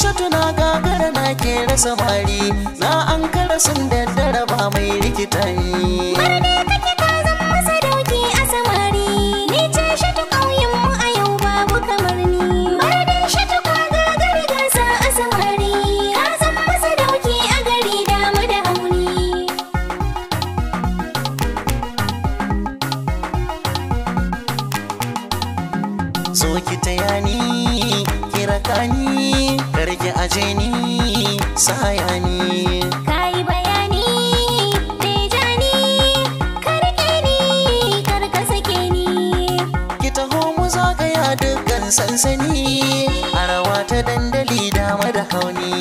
shatu na gagara na ke rasa mari na an kara sun daddara ba mai rikitani. kake so ki taya ni ki raka ni karki aje ni saya ni kai bayani te ni karke ni karka sake ni ki taho mu zagaya dukkan sansani a rawa ta dandali dama da hauni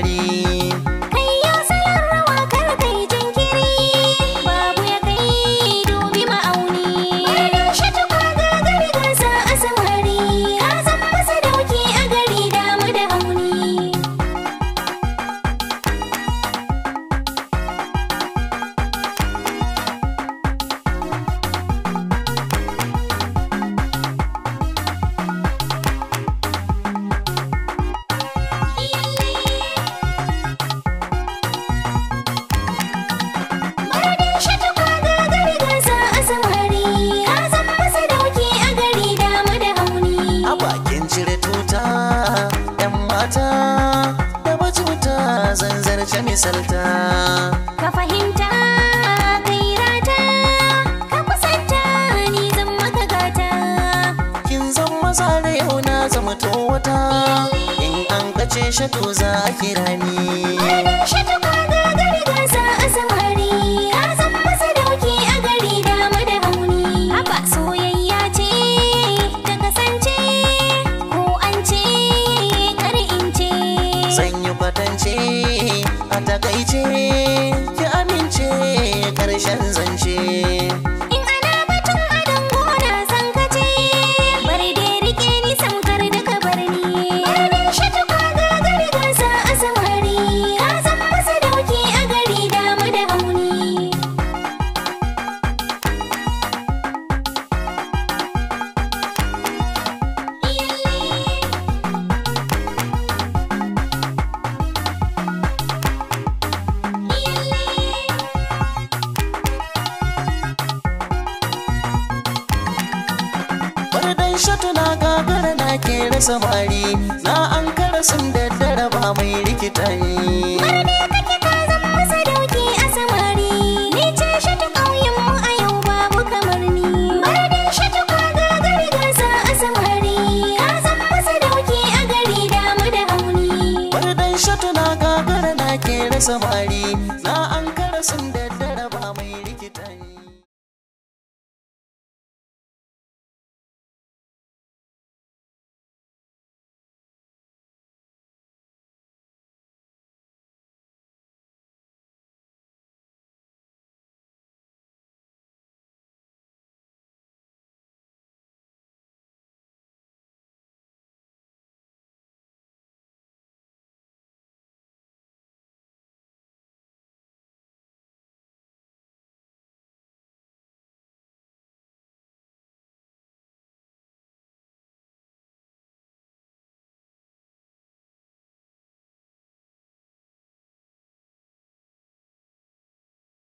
already. da juta, zan zarce misalta ka fahimta kairata ka kusanta ni zan maka gata kin zan maza da yau na zama to eh. in an kace shato za a kira ni mai ce aishatu na gagara na ke rasa na an kara sun daddara ba mai rikita ne kake ka zan masa dauki a samari ni ce shatu ƙauyen a yau babu kamar ni marade shatu ka gagari gasa a samari ka zan masa dauki a gari damu da hauni marade shatu na gagara na ke rasa bari na an kara sun daddara ba mai rikita